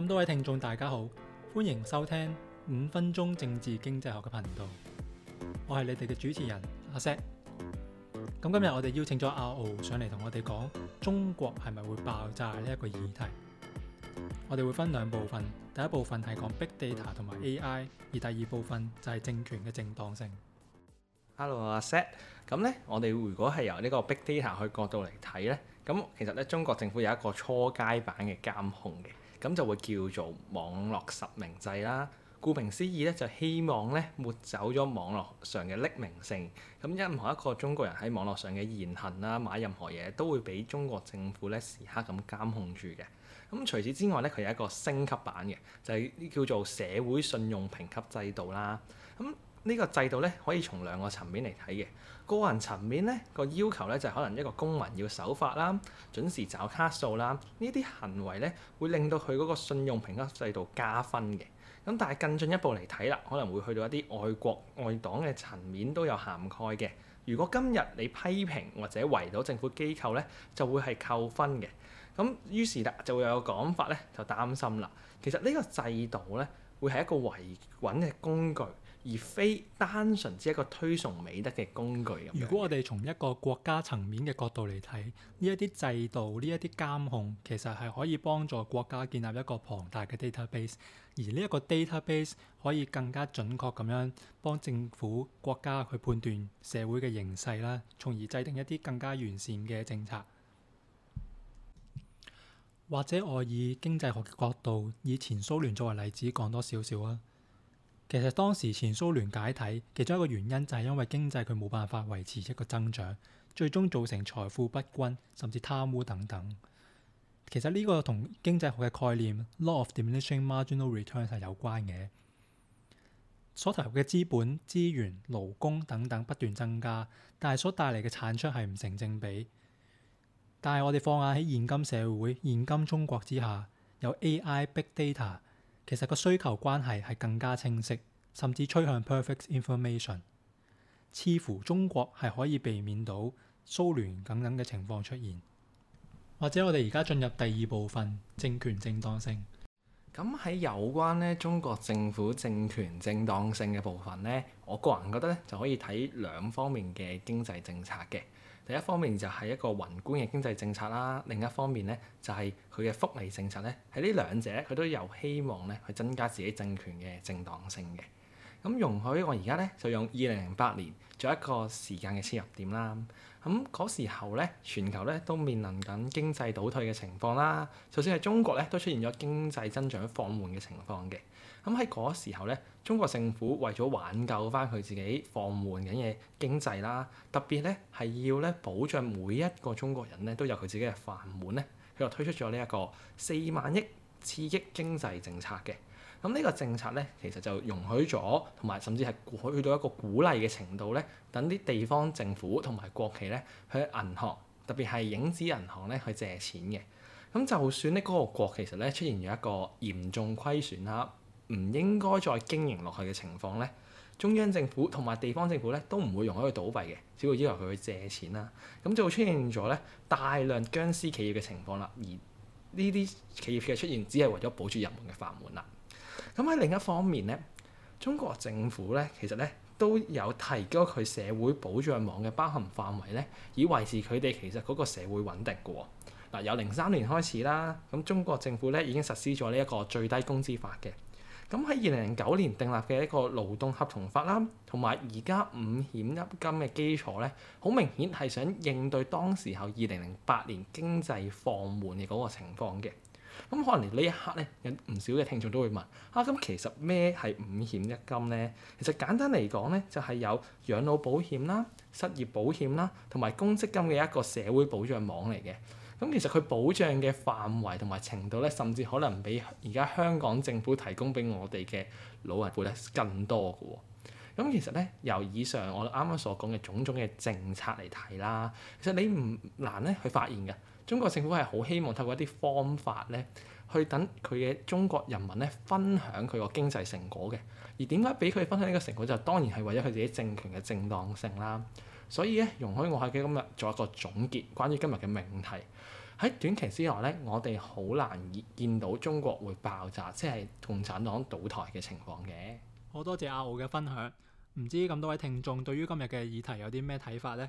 咁多位聽眾大家好，歡迎收聽五分鐘政治經濟學嘅頻道。我係你哋嘅主持人阿 s。咁今日我哋邀請咗阿敖上嚟同我哋講中國係咪會爆炸呢一個議題。我哋會分兩部分，第一部分係講 big data 同埋 AI，而第二部分就係政權嘅正當性。Hello，阿 s。咁呢，我哋如果係由呢個 big data 去角度嚟睇呢，咁其實呢，中國政府有一個初階版嘅監控嘅。咁就會叫做網絡實名制啦。顧名思義咧，就希望咧抹走咗網絡上嘅匿名性。咁任何一個中國人喺網絡上嘅言行啦，買任何嘢都會俾中國政府咧時刻咁監控住嘅。咁除此之外咧，佢有一個升級版嘅，就係、呢、叫做社會信用評級制度啦。咁、嗯呢個制度咧，可以從兩個層面嚟睇嘅。個人層面咧，個要求咧就可能一個公民要守法啦，準時找卡數啦，呢啲行為咧會令到佢嗰個信用評級制度加分嘅。咁但係更進一步嚟睇啦，可能會去到一啲外國外黨嘅層面都有涵蓋嘅。如果今日你批評或者圍到政府機構咧，就會係扣分嘅。咁於是啦，就會有個講法咧，就擔心啦。其實呢個制度咧會係一個維穩嘅工具。而非單純只一個推崇美德嘅工具。如果我哋從一個國家層面嘅角度嚟睇呢一啲制度、呢一啲監控，其實係可以幫助國家建立一個龐大嘅 database，而呢一個 database 可以更加準確咁樣幫政府國家去判斷社會嘅形勢啦，從而制定一啲更加完善嘅政策。或者我以經濟學嘅角度，以前蘇聯作為例子講多少少啊。其實當時前蘇聯解體其中一個原因就係因為經濟佢冇辦法維持一個增長，最終造成財富不均甚至貪污等等。其實呢個同經濟學嘅概念 law of diminishing marginal returns 係有關嘅。所投入嘅資本、資源、勞工等等不斷增加，但係所帶嚟嘅產出係唔成正比。但係我哋放眼喺現今社會、現今中國之下，有 AI、Big Data。其實個需求關係係更加清晰，甚至趨向 perfect information，似乎中國係可以避免到蘇聯等等嘅情況出現。或者我哋而家進入第二部分，政權正當性。咁喺有關咧中國政府政權正當性嘅部分呢，我個人覺得咧就可以睇兩方面嘅經濟政策嘅。一方面就係一個宏觀嘅經濟政策啦，另一方面咧就係佢嘅福利政策咧，喺呢兩者佢都有希望咧去增加自己政權嘅正當性嘅。咁容許我而家咧就用二零零八年作一個時間嘅切入點啦。咁嗰時候咧，全球咧都面臨緊經濟倒退嘅情況啦。就算係中國咧，都出現咗經濟增長放緩嘅情況嘅。咁喺嗰時候咧，中國政府為咗挽救翻佢自己放緩緊嘅經濟啦，特別咧係要咧保障每一個中國人咧都有佢自己嘅飯碗咧，佢就推出咗呢一個四萬億刺激經濟政策嘅。咁呢個政策咧，其實就容許咗，同埋甚至係去到一個鼓勵嘅程度咧，等啲地方政府同埋國企咧去銀行，特別係影子銀行咧去借錢嘅。咁就算呢嗰個國其實咧出現咗一個嚴重虧損啦，唔應該再經營落去嘅情況咧，中央政府同埋地方政府咧都唔會容許佢倒閉嘅，只會要求佢去借錢啦。咁就會出現咗咧大量僵屍企業嘅情況啦。而呢啲企業嘅出現，只係為咗保住人們嘅飯碗啦。咁喺另一方面咧，中國政府咧，其實咧都有提高佢社會保障網嘅包含範圍咧，以維持佢哋其實嗰個社會穩定㗎喎。嗱，由零三年開始啦，咁中國政府咧已經實施咗呢一個最低工資法嘅。咁喺二零零九年訂立嘅一個勞動合同法啦，同埋而家五險一金嘅基礎咧，好明顯係想應對當時候二零零八年經濟放緩嘅嗰個情況嘅。咁可能嚟呢一刻咧，有唔少嘅聽眾都會問：啊，咁其實咩係五險一金咧？其實簡單嚟講咧，就係、是、有養老保險啦、失業保險啦，同埋公積金嘅一個社會保障網嚟嘅。咁、嗯、其實佢保障嘅範圍同埋程度咧，甚至可能比而家香港政府提供俾我哋嘅老人會更多㗎喎。咁、嗯、其實咧，由以上我啱啱所講嘅種種嘅政策嚟睇啦，其實你唔難咧去發現㗎。中國政府係好希望透過一啲方法咧，去等佢嘅中國人民咧分享佢個經濟成果嘅。而點解俾佢分享呢個成果，就當然係為咗佢自己政權嘅正當性啦。所以咧，容許我喺今日做一個總結，關於今日嘅命題。喺短期之內咧，我哋好難見到中國會爆炸，即係共產黨倒台嘅情況嘅。好多謝阿浩嘅分享。唔知咁多位聽眾對於今日嘅議題有啲咩睇法咧？